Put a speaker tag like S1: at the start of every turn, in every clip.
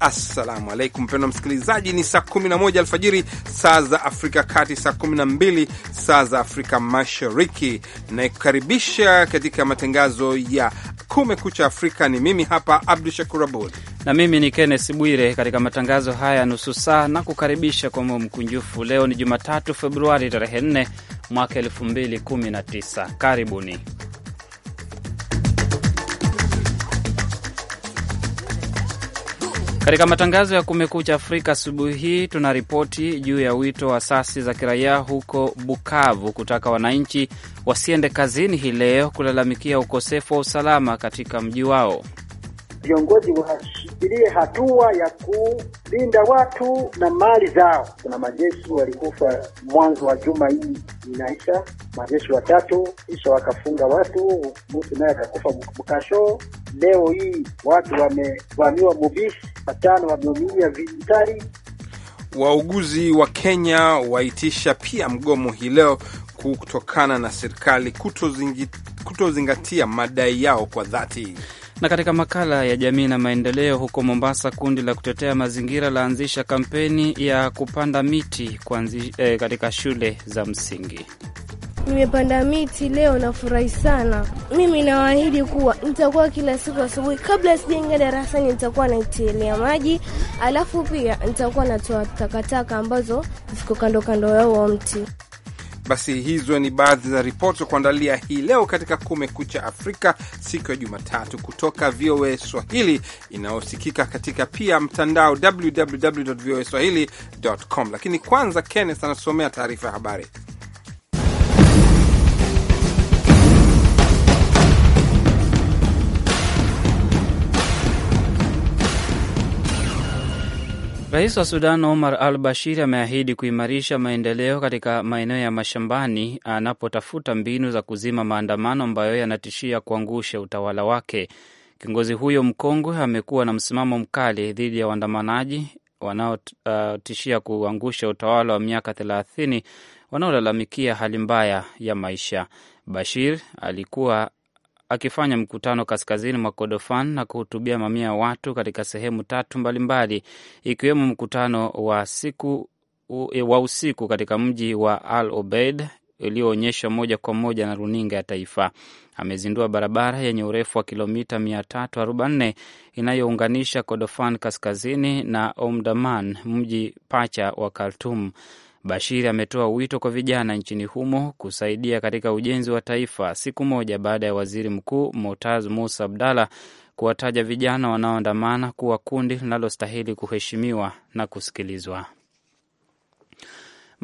S1: Assalamu alaikum pendo msikilizaji, ni saa 11 alfajiri saa za Afrika Kati, saa 12 saa za Afrika Mashariki. Nakukaribisha katika matangazo ya Kumekucha Afrika. Ni mimi hapa Abdu Shakur Abud
S2: na mimi ni Kennes Bwire katika matangazo haya ya nusu saa na kukaribisha kwa moyo mkunjufu. Leo ni Jumatatu, Februari tarehe 4 mwaka 2019. Karibuni. Katika matangazo ya Kumekucha Afrika asubuhi hii tuna ripoti juu ya wito wa asasi za kiraia huko Bukavu kutaka wananchi wasiende kazini hii leo kulalamikia ukosefu wa usalama katika mji wao.
S3: Viongozi wa tuchukulie hatua ya kulinda watu na mali zao. Kuna majeshi walikufa mwanzo wa juma hii inaisha, majeshi watatu, kisha wakafunga watu, mtu naye akakufa mkasho. Leo hii watu wamevamiwa Mubishi, watano wameumia vijitari.
S1: Wauguzi wa Kenya waitisha pia mgomo hii leo kutokana na serikali kutozingatia madai yao kwa dhati.
S2: Na katika makala ya jamii na maendeleo, huko Mombasa, kundi la kutetea mazingira laanzisha kampeni ya kupanda miti kwanzi, eh, katika shule za msingi.
S4: Nimepanda miti leo, nafurahi sana. Mimi nawaahidi kuwa nitakuwa kila siku asubuhi, kabla sijaingia darasani, nitakuwa naitelea maji, alafu pia nitakuwa natoa takataka ambazo ziko kando kando yao wa mti.
S1: Basi hizo ni baadhi za ripoti za kuandalia hii leo katika Kumekucha Afrika siku ya Jumatatu kutoka VOA Swahili inayosikika katika pia mtandao www voa swahili.com. Lakini kwanza, Kenneth anasomea taarifa ya habari.
S2: Rais wa Sudan Omar al Bashir ameahidi kuimarisha maendeleo katika maeneo ya mashambani anapotafuta mbinu za kuzima maandamano ambayo yanatishia kuangusha utawala wake. Kiongozi huyo mkongwe amekuwa na msimamo mkali dhidi ya waandamanaji wanaotishia uh, kuangusha utawala wa miaka thelathini wanaolalamikia hali mbaya ya maisha. Bashir alikuwa akifanya mkutano kaskazini mwa Kordofan na kuhutubia mamia ya watu katika sehemu tatu mbalimbali ikiwemo mkutano wa siku e, wa usiku katika mji wa Al Obeid iliyoonyeshwa moja kwa moja na runinga ya taifa. Amezindua barabara yenye urefu wa kilomita 344 inayounganisha Kordofan kaskazini na Omdurman, mji pacha wa Khartum. Bashir ametoa wito kwa vijana nchini humo kusaidia katika ujenzi wa taifa, siku moja baada ya waziri mkuu Motaz Musa abdalah kuwataja vijana wanaoandamana kuwa kundi linalostahili kuheshimiwa na kusikilizwa.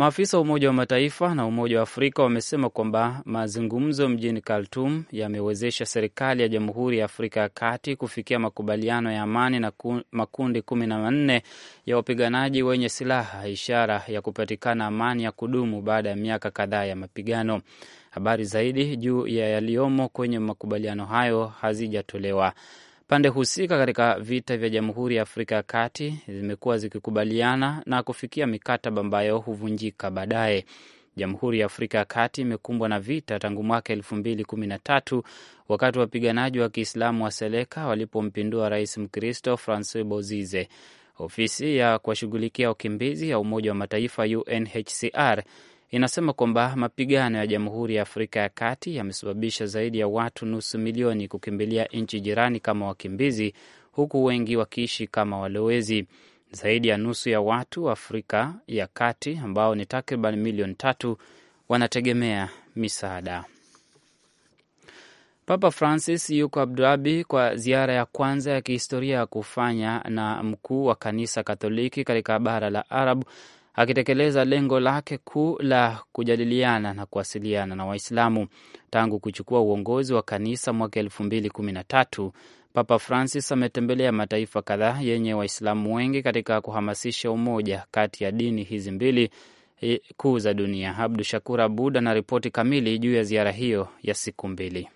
S2: Maafisa wa Umoja wa Mataifa na Umoja wa Afrika wamesema kwamba mazungumzo mjini Khartoum yamewezesha serikali ya Jamhuri ya Afrika ya Kati kufikia makubaliano ya amani na makundi kumi na manne ya wapiganaji wenye silaha, ishara ya kupatikana amani ya kudumu baada ya miaka kadhaa ya mapigano. Habari zaidi juu ya yaliyomo kwenye makubaliano hayo hazijatolewa. Pande husika katika vita vya Jamhuri ya Afrika ya Kati zimekuwa zikikubaliana na kufikia mikataba ambayo huvunjika baadaye. Jamhuri ya Afrika ya Kati imekumbwa na vita tangu mwaka elfu mbili kumi na tatu wakati wapiganaji wa Kiislamu wa Seleka walipompindua rais Mkristo Francois Bozize. Ofisi ya kuwashughulikia wakimbizi ya Umoja wa Mataifa, UNHCR, inasema kwamba mapigano ya Jamhuri ya Afrika ya Kati yamesababisha zaidi ya watu nusu milioni kukimbilia nchi jirani kama wakimbizi, huku wengi wakiishi kama walowezi. Zaidi ya nusu ya watu wa Afrika ya Kati ambao ni takriban milioni tatu wanategemea misaada. Papa Francis yuko Abu Dhabi kwa ziara ya kwanza ya kihistoria ya kufanya na mkuu wa kanisa Katoliki katika bara la Arabu akitekeleza lengo lake kuu la kujadiliana na kuwasiliana na Waislamu. Tangu kuchukua uongozi wa kanisa mwaka elfu mbili kumi na tatu, Papa Francis ametembelea mataifa kadhaa yenye Waislamu wengi katika kuhamasisha umoja kati ya dini hizi mbili e, kuu za dunia. Abdu Shakur Abud anaripoti kamili juu ya ziara hiyo ya siku mbili.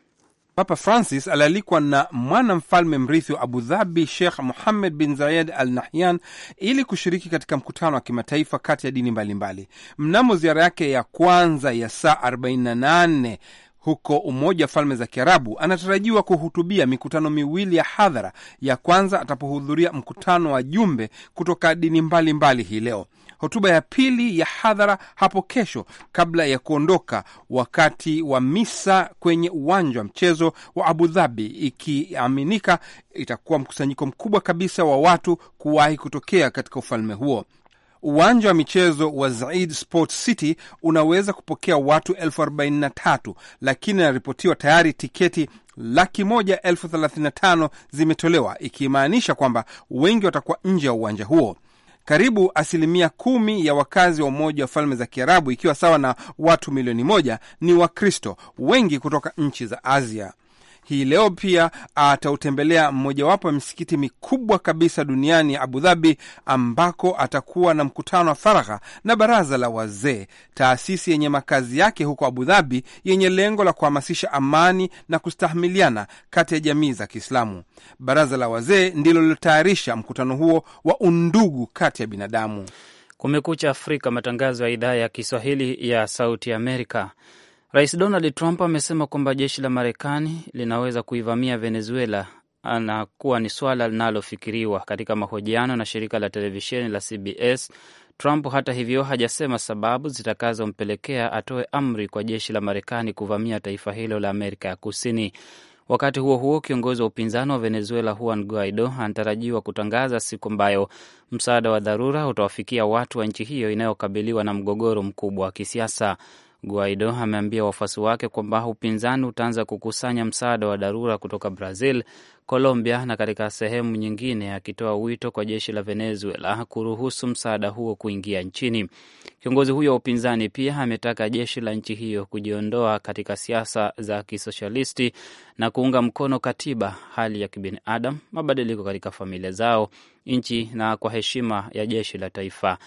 S1: Papa Francis alialikwa na mwana mfalme mrithi wa Abu Dhabi, Sheikh muhamed bin Zayed Al Nahyan ili kushiriki katika mkutano wa kimataifa kati ya dini mbalimbali mbali. Mnamo ziara yake ya kwanza ya saa 48 huko Umoja wa Falme za Kiarabu anatarajiwa kuhutubia mikutano miwili ya hadhara. Ya kwanza atapohudhuria mkutano wa jumbe kutoka dini mbalimbali hii leo, hotuba ya pili ya hadhara hapo kesho kabla ya kuondoka wakati wa misa kwenye uwanja wa mchezo wa Abu Dhabi, ikiaminika itakuwa mkusanyiko mkubwa kabisa wa watu kuwahi kutokea katika ufalme huo. Uwanja wa michezo wa Zaid Sports City unaweza kupokea watu elfu arobaini na tatu lakini inaripotiwa tayari tiketi laki moja elfu thelathini na tano zimetolewa ikimaanisha kwamba wengi watakuwa nje ya uwanja huo. Karibu asilimia kumi ya wakazi wa Umoja wa Falme za Kiarabu, ikiwa sawa na watu milioni moja, ni Wakristo, wengi kutoka nchi za Asia. Hii leo pia atautembelea mmojawapo ya misikiti mikubwa kabisa duniani, Abu Dhabi, ambako atakuwa na mkutano wa faragha na baraza la wazee, taasisi yenye makazi yake huko Abu Dhabi, yenye lengo la kuhamasisha amani na kustahamiliana kati ya jamii za Kiislamu. Baraza la wazee ndilo lilotayarisha mkutano huo wa undugu
S2: kati ya binadamu. Kumekucha Afrika, matangazo ya idhaa ya Kiswahili ya Sauti Amerika. Rais Donald Trump amesema kwamba jeshi la Marekani linaweza kuivamia Venezuela na kuwa ni swala linalofikiriwa. Katika mahojiano na shirika la televisheni la CBS, Trump hata hivyo hajasema sababu zitakazompelekea atoe amri kwa jeshi la Marekani kuvamia taifa hilo la Amerika ya Kusini. Wakati huo huo, kiongozi wa upinzani wa Venezuela Juan Guaido anatarajiwa kutangaza siku ambayo msaada wa dharura utawafikia watu wa nchi hiyo inayokabiliwa na mgogoro mkubwa wa kisiasa. Guaido ameambia wafuasi wake kwamba upinzani utaanza kukusanya msaada wa dharura kutoka Brazil, Colombia na katika sehemu nyingine, akitoa wito kwa jeshi la Venezuela kuruhusu msaada huo kuingia nchini. Kiongozi huyo wa upinzani pia ametaka jeshi la nchi hiyo kujiondoa katika siasa za kisoshalisti na kuunga mkono katiba, hali ya kibinadamu, mabadiliko katika familia zao, nchi na kwa heshima ya jeshi la taifa.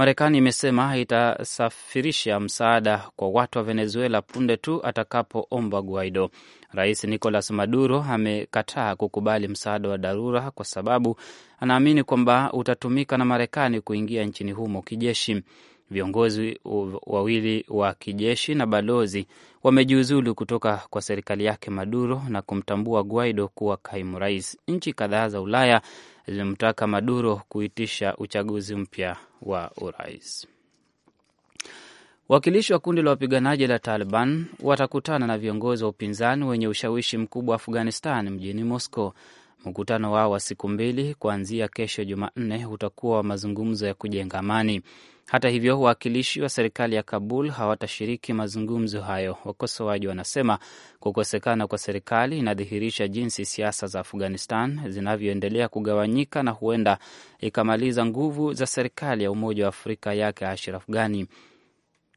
S2: Marekani imesema itasafirisha msaada kwa watu wa Venezuela punde tu atakapoomba Guaido. Rais Nicolas Maduro amekataa kukubali msaada wa dharura kwa sababu anaamini kwamba utatumika na Marekani kuingia nchini humo kijeshi. Viongozi wawili wa kijeshi na balozi wamejiuzulu kutoka kwa serikali yake Maduro na kumtambua Guaido kuwa kaimu rais. Nchi kadhaa za Ulaya ilimtaka Maduro kuitisha uchaguzi mpya wa urais. Wakilishi wa kundi la wapiganaji la Taliban watakutana na viongozi wa upinzani wenye ushawishi mkubwa wa Afghanistan mjini Moscow Mkutano wao wa siku mbili kuanzia kesho Jumanne utakuwa wa mazungumzo ya kujenga amani. Hata hivyo, wawakilishi wa serikali ya Kabul hawatashiriki mazungumzo hayo. Wakosoaji wanasema kukosekana kwa serikali inadhihirisha jinsi siasa za Afghanistan zinavyoendelea kugawanyika na huenda ikamaliza nguvu za serikali ya Umoja wa Afrika yake Ashraf Ghani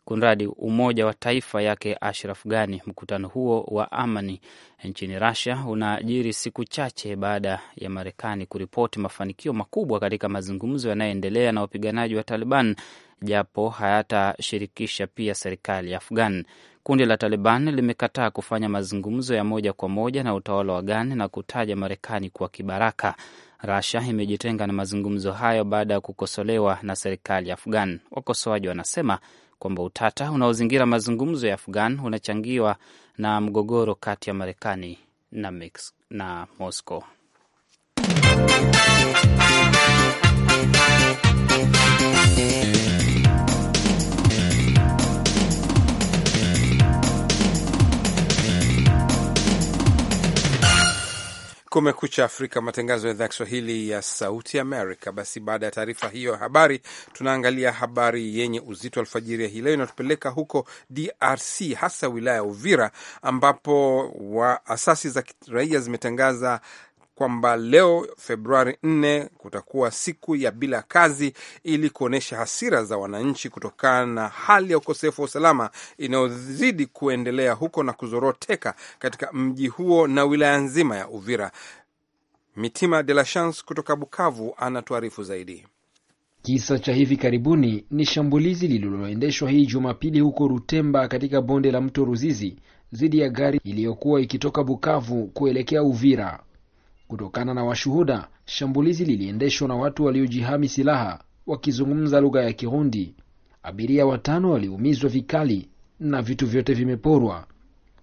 S2: kunradi umoja wa taifa yake Ashraf Ghani. Mkutano huo wa amani nchini rasia unaajiri siku chache baada ya Marekani kuripoti mafanikio makubwa katika mazungumzo yanayoendelea na wapiganaji wa Taliban, japo hayatashirikisha pia serikali ya Afghan. Kundi la Taliban limekataa kufanya mazungumzo ya moja kwa moja na utawala wa Ghani na kutaja Marekani kuwa kibaraka. Russia imejitenga na mazungumzo hayo baada ya kukosolewa na serikali ya Afghan. Wakosoaji wanasema kwamba utata unaozingira mazungumzo ya Afghan unachangiwa na mgogoro kati ya Marekani na, na Moscow.
S1: Kumekucha Afrika, matangazo ya idhaa ya Kiswahili ya Sauti Amerika. Basi baada ya taarifa hiyo ya habari, tunaangalia habari yenye uzito alfajiri ya hii leo. Inatupeleka huko DRC, hasa wilaya ya Uvira, ambapo wa asasi za raia zimetangaza kwamba leo Februari 4 kutakuwa siku ya bila kazi ili kuonyesha hasira za wananchi kutokana na hali ya ukosefu wa usalama inayozidi kuendelea huko na kuzoroteka katika mji huo na wilaya nzima ya Uvira. Mitima de la Chance kutoka Bukavu anatuarifu zaidi.
S5: Kisa cha hivi karibuni ni shambulizi lililoendeshwa hii Jumapili huko Rutemba katika bonde la mto Ruzizi dhidi ya gari iliyokuwa ikitoka Bukavu kuelekea Uvira. Kutokana na washuhuda, shambulizi liliendeshwa na watu waliojihami silaha wakizungumza lugha ya Kirundi. Abiria watano waliumizwa vikali na vitu vyote vimeporwa.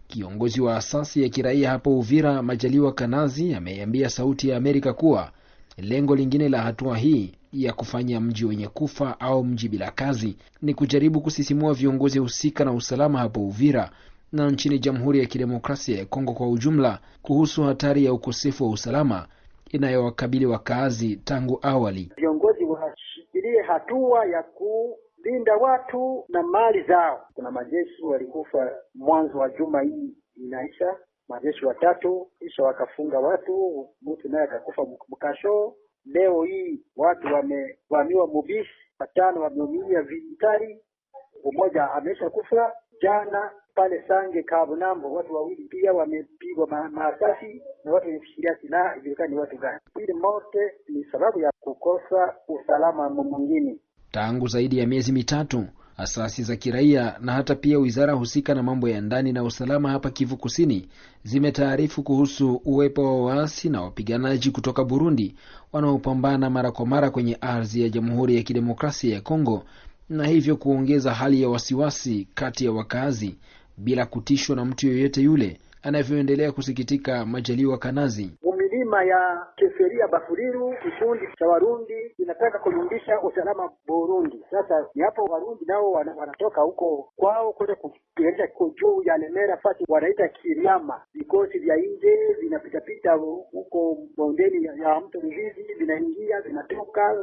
S5: Kiongozi wa asasi ya kiraia hapo Uvira, Majaliwa Kanazi, ameiambia Sauti ya Amerika kuwa lengo lingine la hatua hii ya kufanya mji wenye kufa au mji bila kazi ni kujaribu kusisimua viongozi husika na usalama hapo Uvira na nchini Jamhuri ya Kidemokrasia ya Kongo kwa ujumla kuhusu hatari ya ukosefu wa usalama inayowakabili wakaazi tangu awali.
S3: Viongozi washikilie hatua ya kulinda watu na mali zao. Kuna majeshi walikufa mwanzo wa juma hii inaisha, majeshi watatu, kisha wakafunga watu, mtu naye akakufa mkasho. Leo hii watu wamevamiwa, mubishi watano wameumia vitari, umoja amesha kufa Jana pale Sange Kabunambo watu wawili pia wamepigwa maasasi na watu wameshikilia silaha, ijulikani watu gani. Hili mote ni sababu ya kukosa usalama mwingine.
S5: Tangu zaidi ya miezi mitatu, asasi za kiraia na hata pia wizara husika na mambo ya ndani na usalama hapa Kivu Kusini zimetaarifu kuhusu uwepo wa waasi na wapiganaji kutoka Burundi wanaopambana mara kwa mara kwenye ardhi ya Jamhuri ya Kidemokrasia ya Kongo na hivyo kuongeza hali ya wasiwasi kati ya wakazi bila kutishwa na mtu yoyote yule, anavyoendelea kusikitika Majaliwa Kanazi
S3: milima ya Keseria Bafuriru, kikundi cha Warundi inataka kurudisha usalama Burundi. Sasa ni hapo Warundi nao wanatoka huko kwao kwenda kupigania ko juu ya Lemera fasi wanaita Kiriama. Vikosi vya nje vinapitapita huko bondeni ya, ya mto Mzizi, vinaingia vinatoka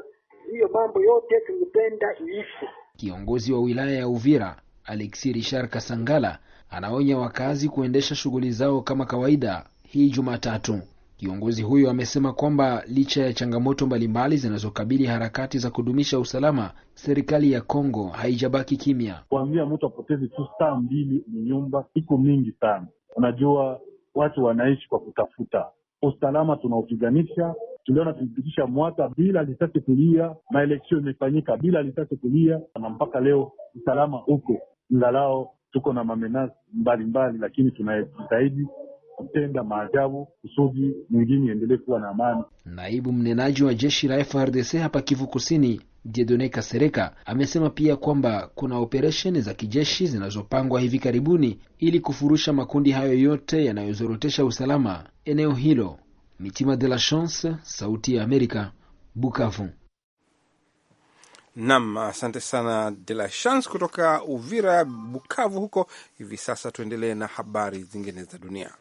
S3: hiyo mambo yote tungependa iishi.
S5: Kiongozi wa wilaya ya Uvira Alexi Richard Kasangala anaonya wakazi kuendesha shughuli zao kama kawaida hii Jumatatu. Kiongozi huyo amesema kwamba licha ya changamoto mbalimbali zinazokabili harakati za kudumisha usalama, serikali ya Kongo haijabaki kimya.
S3: Kuambia mtu apotezi tu saa mbili ni nyumba iko mingi sana. Unajua watu wanaishi kwa kutafuta usalama tunaopiganisha tuliona tulipitisha mwaka bila lisasi kulia, maeleksio imefanyika bila lisasi kulia, na mpaka leo usalama huko ngalao. Tuko na mamenasi mbalimbali, lakini tunajitahidi kutenda maajabu kusudi mwingine iendelee kuwa na amani.
S5: Naibu mnenaji wa jeshi la FRDC hapa Kivu Kusini, Diedone Kasereka amesema pia kwamba kuna operesheni za kijeshi zinazopangwa hivi karibuni ili kufurusha makundi hayo yote yanayozorotesha usalama eneo hilo. Mitima de la Chance, Sauti ya Amerika, Bukavu.
S1: Nam, asante sana de la Chance kutoka Uvira, Bukavu huko. Hivi sasa tuendelee na habari zingine za dunia.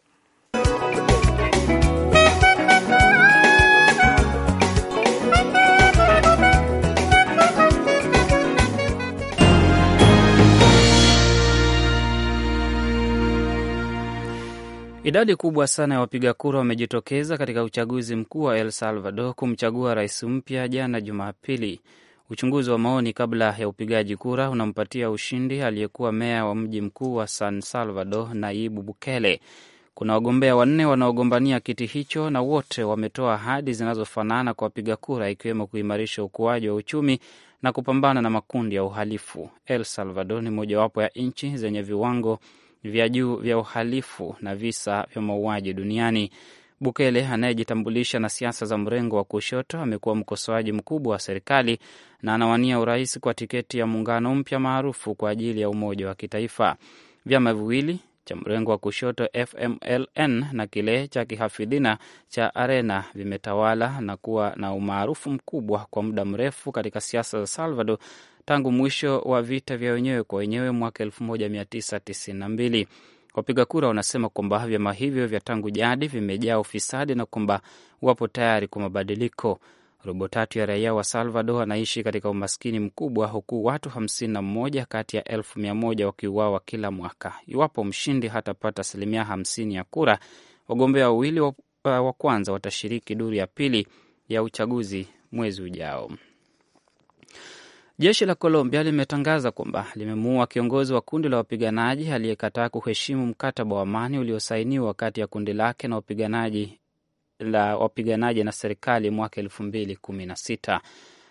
S2: Idadi kubwa sana ya wapiga kura wamejitokeza katika uchaguzi mkuu wa El Salvador kumchagua rais mpya jana Jumapili. Uchunguzi wa maoni kabla ya upigaji kura unampatia ushindi aliyekuwa meya wa mji mkuu wa San Salvador, Nayib Bukele. Kuna wagombea wanne wanaogombania kiti hicho na wote wametoa ahadi zinazofanana kwa wapiga kura, ikiwemo kuimarisha ukuaji wa uchumi na kupambana na makundi ya uhalifu. El Salvador ni mojawapo ya nchi zenye viwango vya juu vya uhalifu na visa vya mauaji duniani. Bukele anayejitambulisha na siasa za mrengo wa kushoto amekuwa mkosoaji mkubwa wa serikali na anawania urais kwa tiketi ya muungano mpya maarufu kwa ajili ya umoja wa kitaifa. Vyama viwili cha mrengo wa kushoto FMLN na kile cha kihafidhina cha Arena vimetawala na kuwa na umaarufu mkubwa kwa muda mrefu katika siasa za Salvador tangu mwisho wa vita vya wenyewe kwa wenyewe mwaka 1992. Wapiga kura wanasema kwamba vyama hivyo vya tangu jadi vimejaa ufisadi na kwamba wapo tayari kwa mabadiliko. Robo tatu ya raia wa Salvador anaishi katika umaskini mkubwa, huku watu 51 kati ya elfu mia moja wakiuawa kila mwaka. Iwapo mshindi hatapata asilimia 50 ya kura, wagombea wawili wa kwanza watashiriki duru ya pili ya uchaguzi mwezi ujao. Jeshi la Colombia limetangaza kwamba limemuua kiongozi wa kundi la wapiganaji aliyekataa kuheshimu mkataba wa amani uliosainiwa kati ya kundi lake na wapiganaji la wapiganaji na serikali mwaka elfu mbili kumi na sita.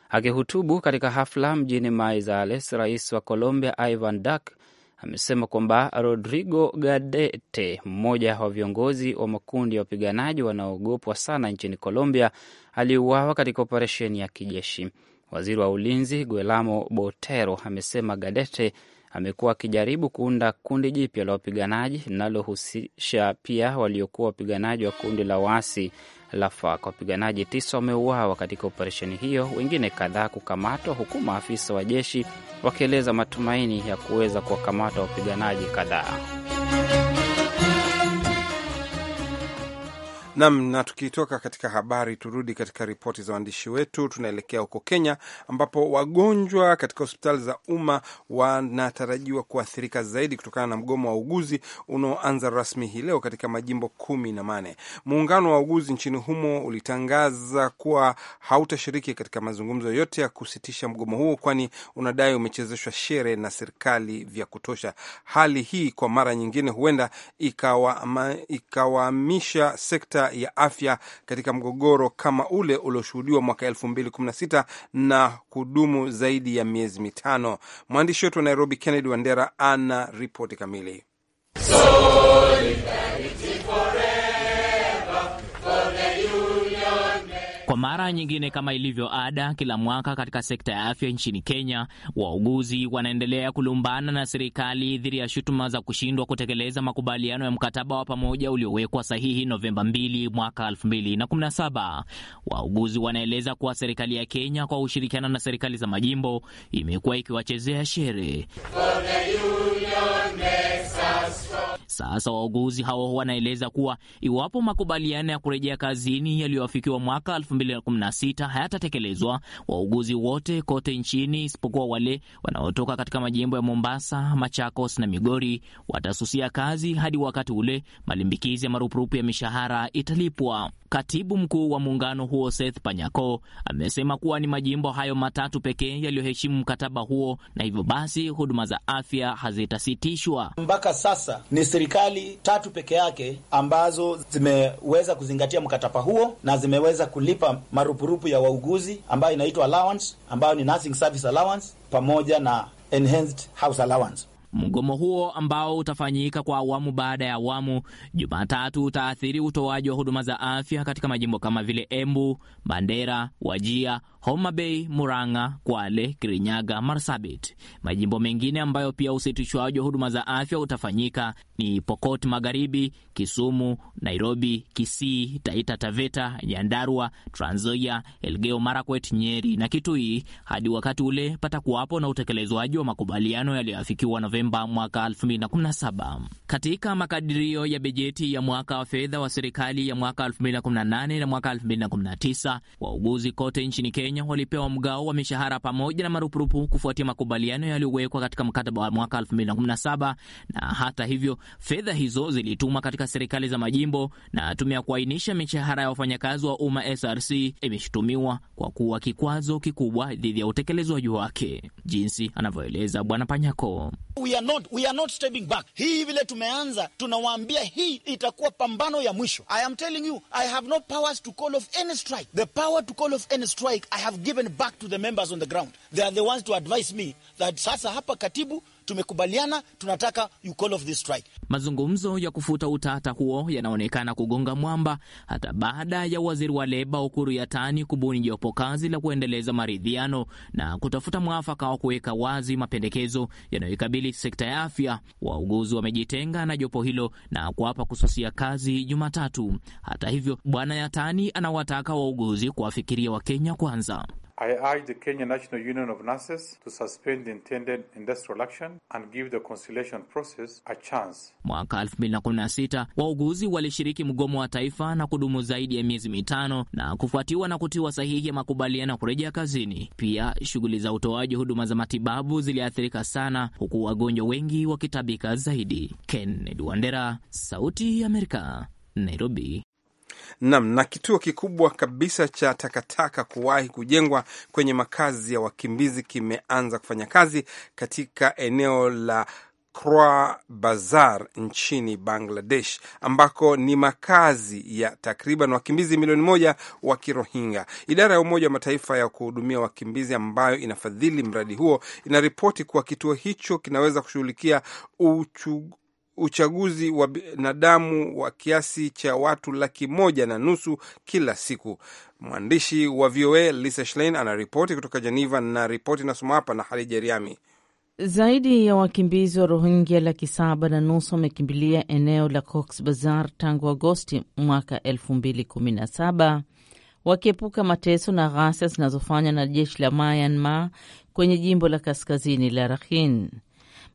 S2: Akihutubu katika hafla mjini Maizales, rais wa Colombia Ivan Duque amesema kwamba Rodrigo Gadete, mmoja wa viongozi wa makundi ya wapiganaji wanaoogopwa sana nchini Colombia, aliuawa katika operesheni ya kijeshi. Waziri wa ulinzi Guelamo Botero amesema Gadete amekuwa akijaribu kuunda kundi jipya la wapiganaji linalohusisha pia waliokuwa wapiganaji wa kundi la waasi la FARC. Wapiganaji tisa wameuawa katika operesheni hiyo, wengine kadhaa kukamatwa, huku maafisa wa jeshi wakieleza matumaini ya kuweza kuwakamata wapiganaji kadhaa.
S1: Nam, na tukitoka katika habari, turudi katika ripoti za waandishi wetu. Tunaelekea huko Kenya, ambapo wagonjwa katika hospitali za umma wanatarajiwa kuathirika zaidi kutokana na mgomo wa uguzi unaoanza rasmi hii leo katika majimbo kumi na mane. Muungano wa uguzi nchini humo ulitangaza kuwa hautashiriki katika mazungumzo yote ya kusitisha mgomo huo, kwani unadai umechezeshwa shere na serikali vya kutosha. Hali hii kwa mara nyingine huenda ikawaamisha ikawa sekta ya afya katika mgogoro kama ule ulioshuhudiwa mwaka 2016 na kudumu zaidi ya miezi mitano. Mwandishi wetu wa Nairobi, Kennedy Wandera, ana ripoti
S6: kamili so Kwa mara nyingine kama ilivyo ada kila mwaka katika sekta ya afya nchini Kenya, wauguzi wanaendelea kulumbana na serikali dhidi ya shutuma za kushindwa kutekeleza makubaliano ya mkataba wa pamoja uliowekwa sahihi Novemba 2 mwaka 2017. Wauguzi wanaeleza kuwa serikali ya Kenya kwa ushirikiano na serikali za majimbo imekuwa ikiwachezea shere sasa wauguzi hao wanaeleza kuwa iwapo makubaliano ya kurejea kazini yaliyoafikiwa mwaka 2016 hayatatekelezwa, wauguzi wote kote nchini isipokuwa wale wanaotoka katika majimbo ya Mombasa, Machakos na Migori watasusia kazi hadi wakati ule malimbikizi ya marupurupu ya mishahara italipwa. Katibu mkuu wa muungano huo Seth Panyako amesema kuwa ni majimbo hayo matatu pekee yaliyoheshimu mkataba huo na hivyo basi huduma za afya hazitasitishwa.
S3: Mpaka sasa ni serikali tatu peke yake ambazo zimeweza kuzingatia mkataba huo na zimeweza kulipa marupurupu ya wauguzi ambayo inaitwa allowance, ambayo ni nursing service allowance pamoja na enhanced house allowance.
S6: Mgomo huo ambao utafanyika kwa awamu baada ya awamu, Jumatatu utaathiri utoaji wa huduma za afya katika majimbo kama vile Embu, Mandera, Wajia, Homa Bay, Murang'a, Kwale, Kirinyaga, Marsabit. Majimbo mengine ambayo pia usitishwaji wa huduma za afya utafanyika ni Pokot Magharibi, Kisumu, Nairobi, Kisii, Taita Taveta, Nyandarua, Trans Nzoia, Elgeyo Marakwet, Nyeri na Kitui. Hadi wakati ule patakuwapo na utekelezwaji wa makubaliano yaliyoafikiwa Novemba mwaka 2017. Katika makadirio ya bejeti ya mwaka wa fedha wa serikali ya mwaka 2018 na mwaka 2019, wauguzi kote nchini Kenya Kenya walipewa mgao wa mishahara pamoja na marupurupu kufuatia makubaliano yaliyowekwa katika mkataba wa mwaka 2017 na hata hivyo, fedha hizo zilitumwa katika serikali za majimbo, na tume ya kuainisha mishahara ya wafanyakazi wa umma SRC imeshutumiwa kwa kuwa kikwazo kikubwa dhidi ya utekelezwaji wake, jinsi anavyoeleza Bwana Panyako.
S3: We are not, we are not stepping back. Hii vile tumeanza, tunawaambia hii itakuwa pambano ya mwisho. I am telling you, I have no powers to call off any strike. The power to call off any strike I have given back to the members on the ground. They are the ones to advise me that sasa hapa katibu tumekubaliana tunataka you
S6: call off strike. Mazungumzo ya kufuta utata huo yanaonekana kugonga mwamba hata baada ya waziri wa leba Ukuru Yatani kubuni jopo kazi la kuendeleza maridhiano na kutafuta mwafaka wa kuweka wazi mapendekezo yanayoikabili sekta ya afya. Wauguzi wamejitenga na jopo hilo na kuapa kususia kazi Jumatatu. Hata hivyo, Bwana Yatani anawataka wauguzi kuwafikiria Wakenya kwanza.
S4: I urge the Kenya
S1: National Union of Nurses to suspend the intended industrial action and give the conciliation process
S6: a chance. Mwaka 2016 wauguzi walishiriki mgomo wa taifa na kudumu zaidi ya miezi mitano na kufuatiwa na kutiwa sahihi ya makubaliano ya kurejea kazini. Pia shughuli za utoaji huduma za matibabu ziliathirika sana, huku wagonjwa wengi wakitabika zaidi. Kennedy Wandera, Sauti ya Amerika, Nairobi.
S1: Nam. Na kituo kikubwa kabisa cha takataka kuwahi kujengwa kwenye makazi ya wakimbizi kimeanza kufanya kazi katika eneo la Croix Bazar nchini Bangladesh, ambako ni makazi ya takriban wakimbizi milioni moja wa Kirohingya. Idara ya Umoja wa Mataifa ya kuhudumia wakimbizi ambayo inafadhili mradi huo inaripoti kuwa kituo hicho kinaweza kushughulikia uchu uchaguzi wa binadamu wa kiasi cha watu laki moja na nusu kila siku. Mwandishi wa VOA Lisa Schlein anaripoti kutoka Jeneva na ripoti inasoma hapa na Hadija Riami.
S7: Zaidi ya wakimbizi wa Rohingya laki saba na nusu wamekimbilia eneo la Cox Bazar tangu Agosti mwaka saba wakiepuka mateso na ghasia zinazofanywa na jeshi la Myanmar kwenye jimbo la kaskazini la Rakhine.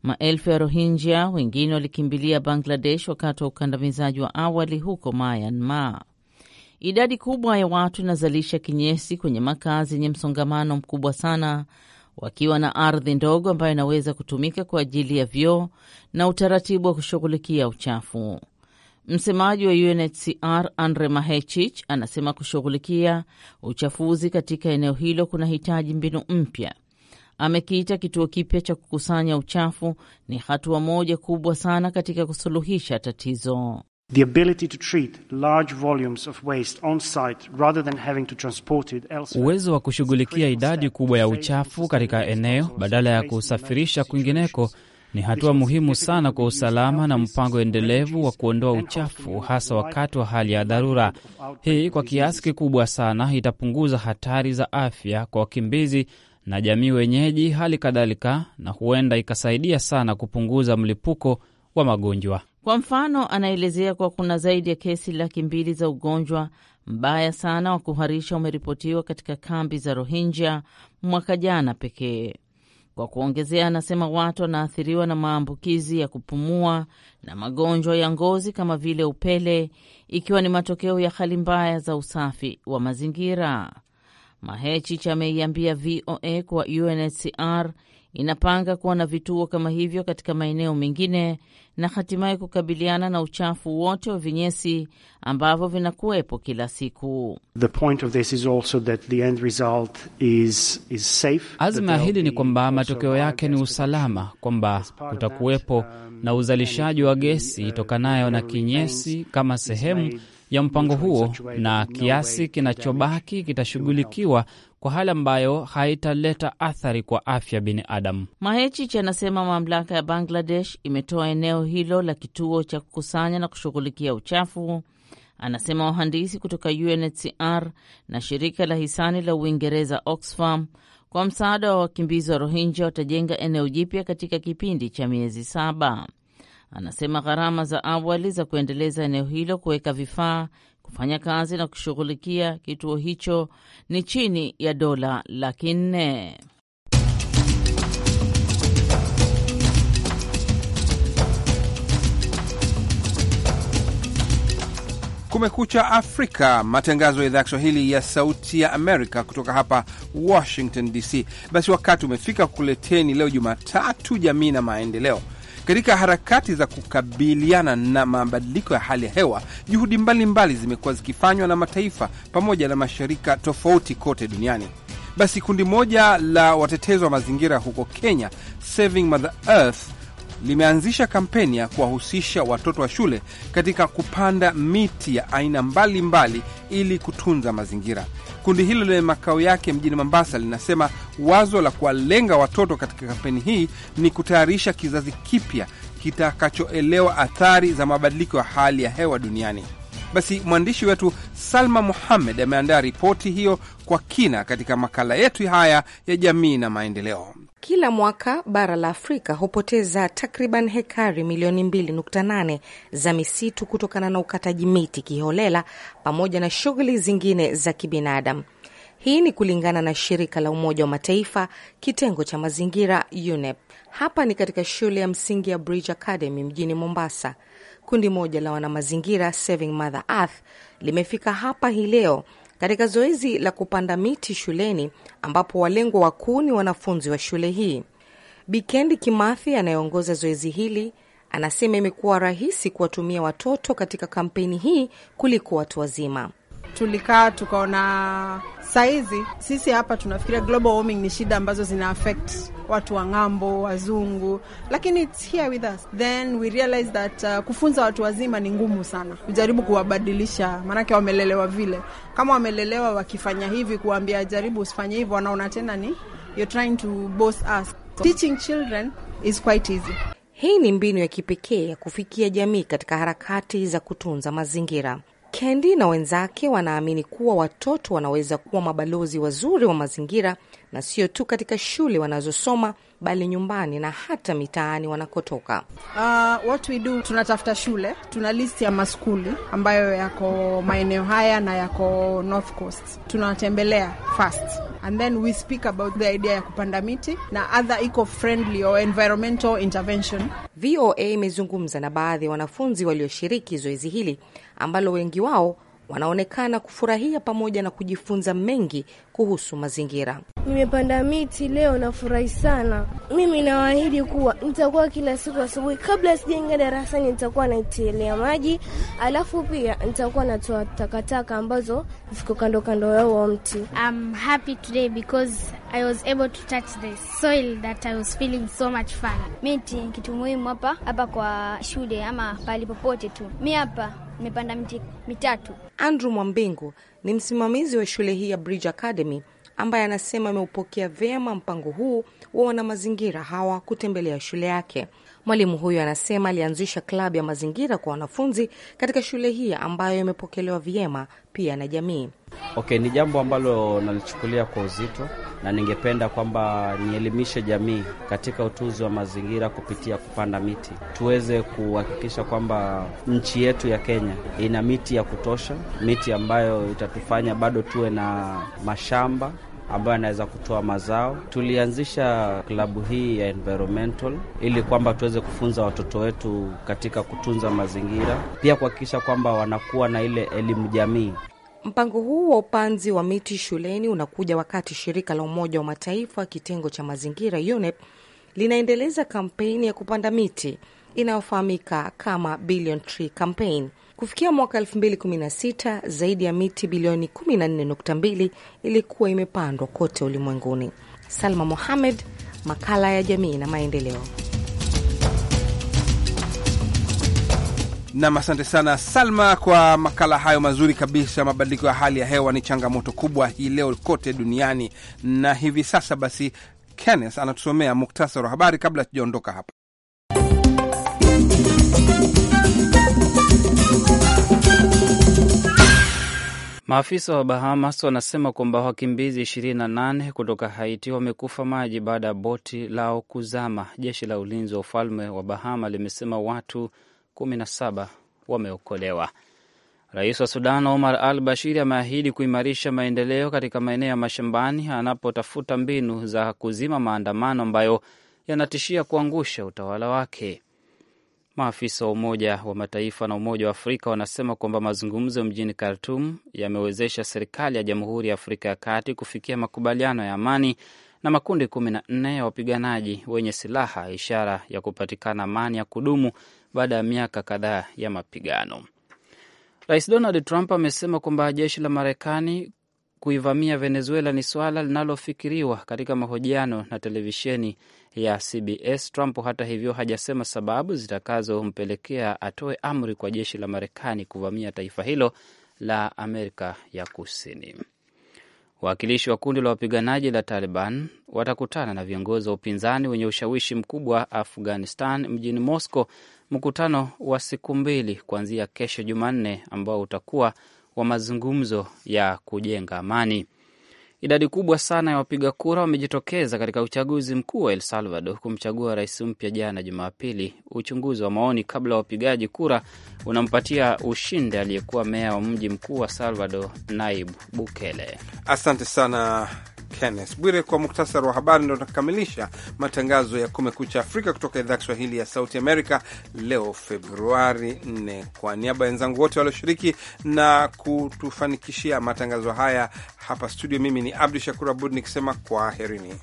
S7: Maelfu ya Rohingya wengine walikimbilia Bangladesh wakati wa ukandamizaji wa awali huko Myanmar. Idadi kubwa ya watu inazalisha kinyesi kwenye makazi yenye msongamano mkubwa sana, wakiwa na ardhi ndogo ambayo inaweza kutumika kwa ajili ya vyoo na utaratibu wa kushughulikia uchafu. Msemaji wa UNHCR Andre Mahechich anasema kushughulikia uchafuzi katika eneo hilo kuna hitaji mbinu mpya amekiita kituo kipya cha kukusanya uchafu ni hatua moja kubwa sana katika kusuluhisha tatizo.
S2: The ability to treat large volumes of waste on site rather than having to transport it elsewhere. Uwezo wa kushughulikia idadi kubwa ya uchafu katika eneo badala ya kusafirisha kwingineko ni hatua muhimu sana kwa usalama na mpango endelevu wa kuondoa uchafu hasa wakati wa hali ya dharura. Hii kwa kiasi kikubwa sana itapunguza hatari za afya kwa wakimbizi na jamii wenyeji, hali kadhalika, na huenda ikasaidia sana kupunguza mlipuko wa magonjwa.
S7: Kwa mfano, anaelezea kuwa kuna zaidi ya kesi laki mbili za ugonjwa mbaya sana wa kuharisha umeripotiwa katika kambi za Rohingya mwaka jana pekee. Kwa kuongezea, anasema watu wanaathiriwa na maambukizi ya kupumua na magonjwa ya ngozi kama vile upele, ikiwa ni matokeo ya hali mbaya za usafi wa mazingira. Mahechi ameiambia VOA kuwa UNHCR inapanga kuwa na vituo kama hivyo katika maeneo mengine na hatimaye kukabiliana na uchafu wote wa vinyesi ambavyo vinakuwepo kila siku.
S2: Azma ya hili ni kwamba matokeo yake ni usalama, kwamba kutakuwepo na um, uzalishaji wa gesi um, itokanayo na kinyesi kama sehemu ya mpango huo, na kiasi kinachobaki kitashughulikiwa kwa hali ambayo haitaleta athari kwa afya binadamu.
S7: Mahechich anasema mamlaka ya Bangladesh imetoa eneo hilo la kituo cha kukusanya na kushughulikia uchafu. Anasema wahandisi kutoka UNHCR na shirika la hisani la Uingereza Oxfam kwa msaada wa wakimbizi wa Rohingya watajenga eneo jipya katika kipindi cha miezi saba. Anasema gharama za awali za kuendeleza eneo hilo, kuweka vifaa, kufanya kazi na kushughulikia kituo hicho ni chini ya dola laki nne.
S1: Kumekucha Afrika, matangazo ya idhaa ya Kiswahili ya Sauti ya Amerika kutoka hapa Washington DC. Basi wakati umefika kukuleteni leo Jumatatu, Jamii na Maendeleo. Katika harakati za kukabiliana na mabadiliko ya hali ya hewa, juhudi mbalimbali zimekuwa zikifanywa na mataifa pamoja na mashirika tofauti kote duniani. Basi kundi moja la watetezi wa mazingira huko Kenya, Saving Mother Earth, limeanzisha kampeni ya kuwahusisha watoto wa shule katika kupanda miti ya aina mbalimbali mbali ili kutunza mazingira. Kundi hilo lenye makao yake mjini Mombasa linasema wazo la kuwalenga watoto katika kampeni hii ni kutayarisha kizazi kipya kitakachoelewa athari za mabadiliko ya hali ya hewa duniani. Basi mwandishi wetu Salma Muhammed ameandaa ripoti hiyo kwa kina katika makala yetu haya ya jamii na maendeleo.
S4: Kila mwaka bara la Afrika hupoteza takriban hekari milioni 2.8 za misitu kutokana na ukataji miti kiholela pamoja na shughuli zingine za kibinadamu. Hii ni kulingana na shirika la Umoja wa Mataifa kitengo cha mazingira UNEP. Hapa ni katika shule ya msingi ya Bridge Academy mjini Mombasa. Kundi moja la wanamazingira Saving Mother Earth limefika hapa hii leo katika zoezi la kupanda miti shuleni ambapo walengwa wakuu ni wanafunzi wa shule hii. Bikendi Kimathi anayeongoza zoezi hili anasema imekuwa rahisi kuwatumia watoto katika kampeni hii kuliko watu wazima. Tulikaa tukaona Sahizi sisi hapa tunafikiria global warming ni shida ambazo zina affect watu wa ng'ambo, wazungu, lakini it's here with us. Then we realize that uh, kufunza watu wazima ni ngumu sana, kujaribu kuwabadilisha, maanake wamelelewa vile. Kama wamelelewa wakifanya hivi, kuwambia jaribu usifanye hivyo, wanaona tena ni you're trying to boss us. Teaching children is quite easy. Hii ni mbinu ya kipekee ya kufikia jamii katika harakati za kutunza mazingira. Kendi na wenzake wanaamini kuwa watoto wanaweza kuwa mabalozi wazuri wa mazingira na sio tu katika shule wanazosoma bali nyumbani na hata mitaani wanakotoka. Uh, what we do, tunatafuta shule, tuna list ya maskuli ambayo yako maeneo haya na yako North Coast, tunawatembelea first and then we speak about the idea ya kupanda miti na other eco friendly or environmental intervention. VOA imezungumza na baadhi ya wanafunzi walioshiriki zoezi hili ambalo wengi wao wanaonekana kufurahia pamoja na kujifunza mengi kuhusu mazingira. Nimepanda miti leo, nafurahi sana. Mimi nawaahidi kuwa nitakuwa kila siku asubuhi, kabla sijaingia darasani, nitakuwa naitelea maji, alafu pia nitakuwa natoa takataka ambazo ziko kando kando ya huo mti. Miti ni kitu muhimu hapa hapa kwa shule ama pahali popote tu. Mi hapa nimepanda miti mitatu. Andrew Mwambingu ni msimamizi wa shule hii ya Bridge Academy ambaye anasema ameupokea vyema mpango huu wa wanamazingira hawa kutembelea shule yake. Mwalimu huyo anasema alianzisha klabu ya mazingira kwa wanafunzi katika shule hii ambayo imepokelewa vyema pia na jamii.
S2: Okay, ni jambo ambalo nalichukulia kwa uzito na ningependa kwamba nielimishe jamii katika utunzi wa mazingira kupitia kupanda miti, tuweze kuhakikisha kwamba nchi yetu ya Kenya ina miti ya kutosha, miti ambayo itatufanya bado tuwe na mashamba ambayo anaweza kutoa mazao. Tulianzisha klabu hii ya environmental ili kwamba tuweze kufunza watoto wetu katika kutunza mazingira, pia kuhakikisha kwamba wanakuwa na ile elimu jamii.
S4: Mpango huu wa upanzi wa miti shuleni unakuja wakati shirika la Umoja wa Mataifa kitengo cha mazingira UNEP linaendeleza kampeni ya kupanda miti inayofahamika kama Billion Tree Campaign Kufikia mwaka 2016 zaidi ya miti bilioni 14.2 ilikuwa imepandwa kote ulimwenguni. Salma Mohamed, makala ya jamii na maendeleo.
S1: Nam, asante sana Salma kwa makala hayo mazuri kabisa. Mabadiliko ya hali ya hewa ni changamoto kubwa hii leo kote duniani, na hivi sasa basi Kenneth anatusomea muktasari wa habari kabla hatujaondoka hapa.
S2: Maafisa wa Bahamas wanasema kwamba wakimbizi 28 kutoka Haiti wamekufa maji baada ya boti lao kuzama. Jeshi la ulinzi wa ufalme wa Bahama limesema watu 17 wameokolewa. Rais wa Sudan Omar al Bashir ameahidi kuimarisha maendeleo katika maeneo ya mashambani anapotafuta mbinu za kuzima maandamano ambayo yanatishia kuangusha utawala wake. Maafisa wa Umoja wa Mataifa na Umoja wa Afrika wanasema kwamba mazungumzo mjini Khartum yamewezesha serikali ya Jamhuri ya Afrika ya Kati kufikia makubaliano ya amani na makundi kumi na nne ya wapiganaji wenye silaha, ishara ya kupatikana amani ya kudumu baada ya miaka kadhaa ya mapigano. Rais Donald Trump amesema kwamba jeshi la Marekani kuivamia Venezuela ni suala linalofikiriwa katika mahojiano na televisheni ya CBS. Trump hata hivyo hajasema sababu zitakazompelekea atoe amri kwa jeshi la Marekani kuvamia taifa hilo la Amerika ya Kusini. Wawakilishi wa kundi la wapiganaji la Taliban watakutana na viongozi wa upinzani wenye ushawishi mkubwa Afghanistan mjini Moscow, mkutano wa siku mbili kuanzia kesho Jumanne, ambao utakuwa wa mazungumzo ya kujenga amani. Idadi kubwa sana ya wapiga kura wamejitokeza katika uchaguzi mkuu wa El Salvador kumchagua rais mpya jana Jumapili. Uchunguzi wa maoni kabla ya wapigaji kura unampatia ushindi aliyekuwa meya wa mji mkuu wa Salvador, naib Bukele. Asante sana Kenneth
S1: Bwire kwa muktasari wa habari. Ndo nakamilisha matangazo ya Kumekucha Afrika kutoka idhaa ya Kiswahili ya Sauti Amerika leo Februari 4. Kwa niaba ya wenzangu wote walioshiriki na kutufanikishia matangazo haya hapa studio, mimi ni Abdu Shakur Abud nikisema kwaherini.